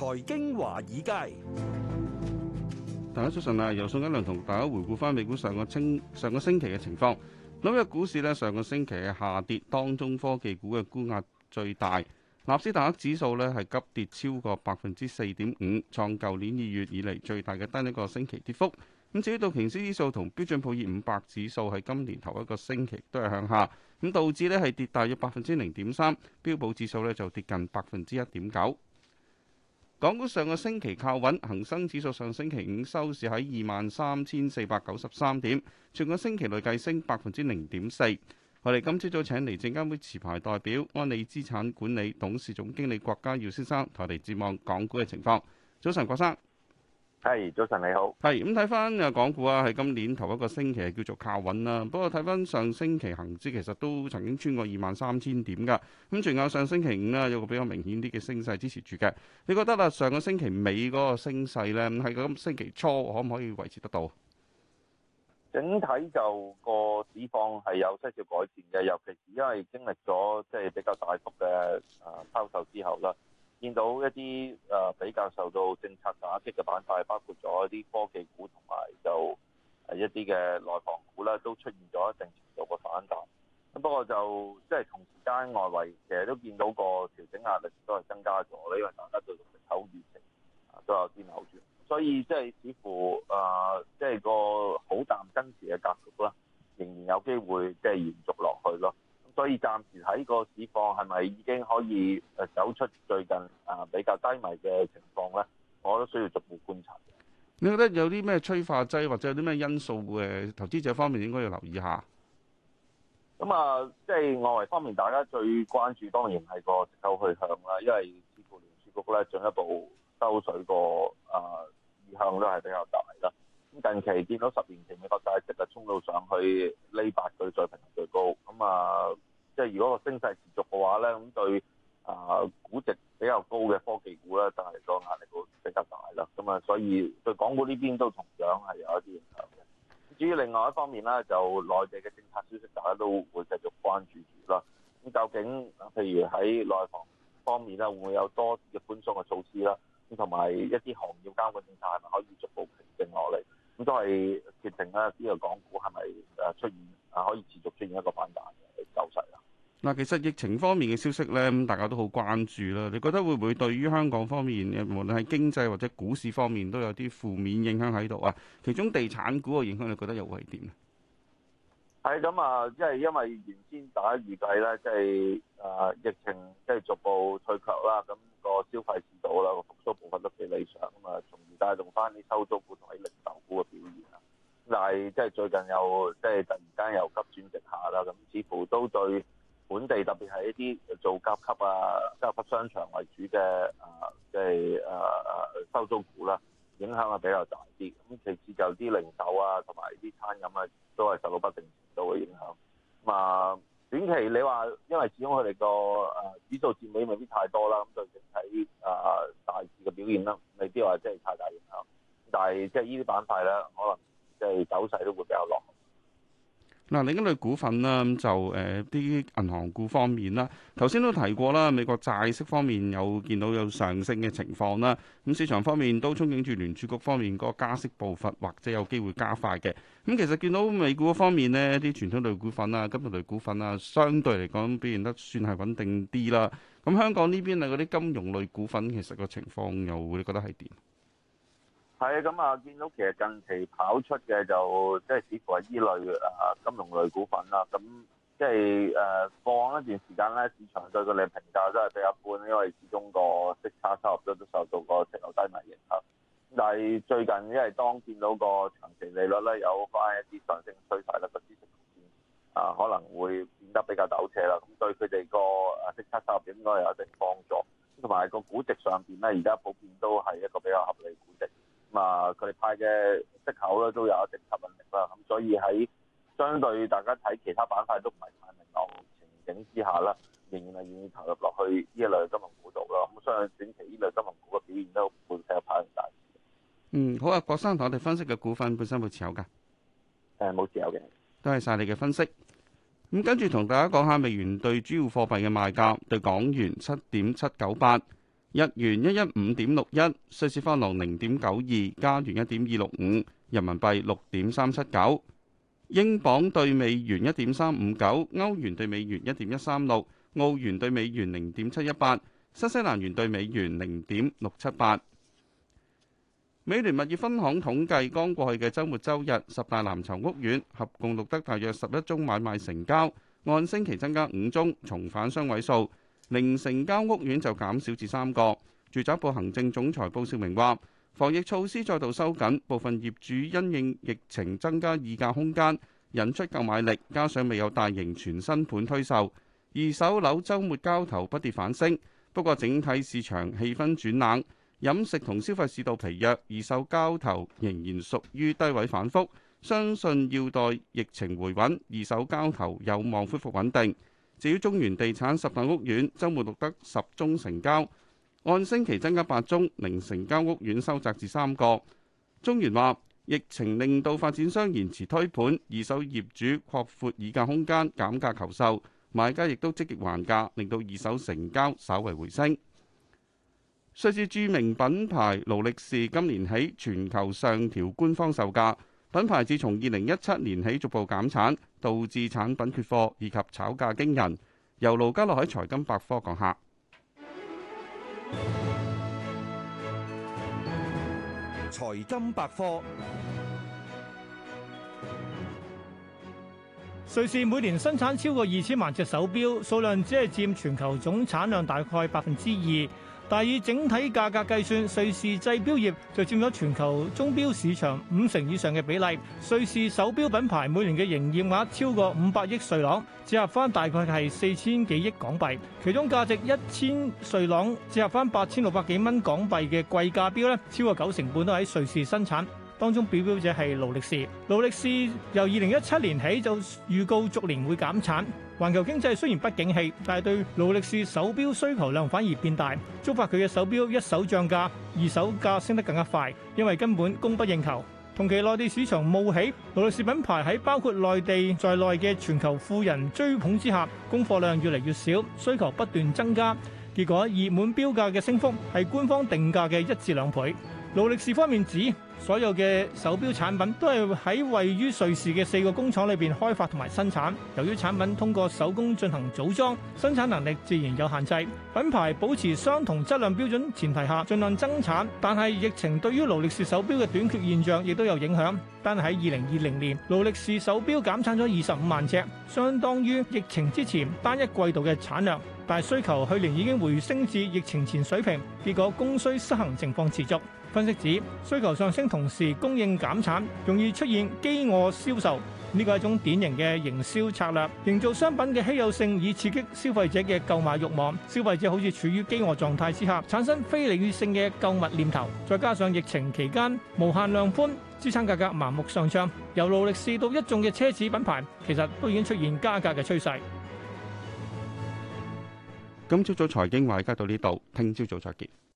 財經華爾街，大家早晨啊！由宋一良同大家回顧翻美股上個星上個星期嘅情況。紐約股市咧上個星期嘅下跌，當中科技股嘅沽壓最大。納斯達克指數咧係急跌超過百分之四點五，創舊年二月以嚟最大嘅單一個星期跌幅。咁至於道瓊斯指數同標準普爾五百指數喺今年頭一個星期都係向下，咁導致咧係跌大約百分之零點三，標普指數咧就跌近百分之一點九。港股上個星期靠穩，恒生指數上星期五收市喺二萬三千四百九十三點，全個星期內計升百分之零點四。我哋今朝早請嚟證監會持牌代表安利資產管理董事總經理郭家耀先生，同我哋展望港股嘅情況。早晨，郭生。係，hey, 早晨你好。係，咁睇翻啊，港股啊，係今年頭一個星期係叫做靠穩啦。不過睇翻上星期恒指，其實都曾經穿過二萬三千點噶。咁，仲有上星期五啦，有個比較明顯啲嘅升勢支持住嘅。你覺得啦，上個星期尾嗰個升勢咧，係咁星期初可唔可以維持得到？整體就個市況係有少少改善嘅，尤其因為經歷咗即係比較大幅嘅啊拋售之後啦。見到一啲誒比較受到政策打擊嘅板塊，包括咗一啲科技股同埋就一啲嘅內房股啦，都出現咗一定程度嘅反彈。咁不過就即係、就是、同時間外圍其實都見到個調整壓力都係增加咗，因為大家對從頭預期啊都有啲扭轉，所以即係、就是、似乎誒即係個好淡爭持嘅格局啦，仍然有機會即係延續落去咯。所以暫時喺個市況係咪已經可以誒走出最近啊比較低迷嘅情況咧？我都需要逐步觀察。你覺得有啲咩催化劑或者有啲咩因素嘅投資者方面應該要留意下？咁啊、嗯，即係外圍方面，大家最關注當然係個息口去向啦，因為似乎聯儲局咧進一步收水個啊意向都係比較大啦。咁近期見到十年期美國債息啊衝到上去呢八個，水平最高咁啊。嗯呃即係如果個升勢持續嘅話咧，咁對啊、呃、估值比較高嘅科技股咧，就係個壓力會比較大啦。咁啊，所以對港股呢邊都同樣係有一啲影響嘅。至於另外一方面咧，就內地嘅政策消息大家都會繼續關注住啦。咁究竟譬如喺內房方面咧，會唔會有多嘅寬鬆嘅措施啦？咁同埋一啲行業監管政策係咪可以逐步平靜落嚟？咁都係決定咧，呢、呢個港股係咪誒出現啊可以持續出現一個反彈？嗱，其實疫情方面嘅消息咧，咁大家都好關注啦。你覺得會唔會對於香港方面嘅，無論係經濟或者股市方面都有啲負面影響喺度啊？其中地產股嘅影響，你覺得又會係點啊？係咁啊，即係因為原先大家預計咧，即係啊疫情即係逐步退卻啦，咁個消費市道啦，個復蘇部分都幾理想咁啊，從而帶動翻啲收租股同埋零售股嘅表現啦。但係即係最近又即係突然間又急轉直下啦，咁似乎都對。本地特別係一啲做甲級啊、甲級商場為主嘅啊，即係啊啊收租股啦，影響係比較大啲。咁其次就啲零售啊，同埋啲餐飲啊，都係受到不定程度嘅影響。啊，短期你話，因為始終佢哋個啊指數佔比未必太多啦，咁對整體啊大市嘅表現啦，未必話真係太大影響。但係即係呢啲板塊咧，可能即係走勢都會比較落。嗱，另一類股份呢，就誒啲、呃、銀行股方面啦。頭先都提過啦，美國債息方面有見到有上升嘅情況啦。咁市場方面都憧憬住聯儲局方面嗰個加息步伐或者有機會加快嘅。咁其實見到美股方面呢啲傳統類股份啊、金融類股份啊，相對嚟講表現得算係穩定啲啦。咁香港呢邊啊，嗰啲金融類股份其實個情況又會覺得係點？係啊，咁啊，見到其實近期跑出嘅就即係似乎係依類啊金融類股份啦。咁即係誒、呃、放一段時間咧，市場對佢哋評價都係比較一般，因為始終個息差收入都都受到個息率低迷影響。但係最近因為當見到個長期利率咧有翻一啲上升趨勢咧，個孳息啊可能會變得比較陡斜啦。咁對佢哋個息差收入應該有一定幫助，同埋個估值上邊咧，而家普遍都係一個比較合理估值。咁啊，佢哋派嘅息口咧都有一定吸引力啦，咁所以喺相對大家睇其他板塊都唔係太明朗情景之下啦，仍然係願意投入落去呢一類、類金融股度啦。咁所以短期呢類金融股嘅表現都伴成日派咁大。嗯，好啊，郭生，我哋分析嘅股份本身會持有噶？誒、嗯，冇持有嘅。多謝晒你嘅分析。咁跟住同大家講下美元兌主要貨幣嘅賣價，對港元七點七九八。日元一一五點六一，瑞士法郎零點九二，加元一點二六五，人民幣六點三七九，英鎊對美元一點三五九，歐元對美元一點一三六，澳元對美元零點七一八，新西蘭元對美元零點六七八。美聯物業分行統計，剛過去嘅週末週日，十大藍籌屋苑合共錄得大約十一宗買賣成交，按星期增加五宗，重返雙位數。零成交屋苑就減少至三個。住宅部行政總裁布少明話，防疫措施再度收緊，部分業主因應疫情增加議價空間，引出購買力。加上未有大型全新盤推售，二手樓週末交投不跌反升。不過整體市場氣氛轉冷，飲食同消費市道疲弱，二手交投仍然屬於低位反覆。相信要待疫情回穩，二手交投有望恢復穩定。至於中原地產十大屋苑週末錄得十宗成交，按星期增加八宗，零成交屋苑收窄至三個。中原話，疫情令到發展商延遲推盤，二手業主擴闊議價空間，減價求售，買家亦都積極還價，令到二手成交稍為回升。瑞士著名品牌勞力士今年起全球上調官方售價。品牌自從二零一七年起逐步減產，導致產品缺貨以及炒價驚人。由盧嘉樂喺財金百科講下。財金百科，瑞士每年生產超過二千萬隻手錶，數量只係佔全球總產量大概百分之二。但以整體價格計算，瑞士製錶業就佔咗全球鐘錶市場五成以上嘅比例。瑞士手錶品牌每年嘅營業額超過五百億瑞朗，折合翻大概係四千幾億港幣。其中價值一千瑞朗，折合翻八千六百幾蚊港幣嘅貴價錶咧，超過九成半都喺瑞士生產。當中表表者係勞力士，勞力士由二零一七年起就預告逐年會減產。環球經濟雖然不景氣，但係對勞力士手錶需求量反而變大，觸發佢嘅手錶一手漲價，二手價升得更加快，因為根本供不應求。同期內地市場冒起，勞力士品牌喺包括內地在內嘅全球富人追捧之下，供貨量越嚟越少，需求不斷增加，結果熱門標價嘅升幅係官方定價嘅一至兩倍。勞力士方面指：所有嘅手錶產品都係喺位於瑞士嘅四個工廠裏邊開發同埋生產。由於產品通過手工進行組裝，生產能力自然有限制。品牌保持相同質量標準前提下，盡量增產。但係疫情對於勞力士手錶嘅短缺現象亦都有影響。但係喺二零二零年，勞力士手錶減產咗二十五萬隻，相當於疫情之前單一季度嘅產量。但係需求去年已經回升至疫情前水平，結果供需失衡情況持續。分析指需求上升。同時供應減產，容易出現饑餓銷售，呢個係一種典型嘅營銷策略，營造商品嘅稀有性，以刺激消費者嘅購買欲望。消費者好似處於饑餓狀態之下，產生非理性嘅購物念頭。再加上疫情期間無限量寬，支撐價格盲目上漲。由勞力士到一眾嘅奢侈品牌，其實都已經出現加價嘅趨勢。今朝早財經華爾街到呢度，聽朝早再見。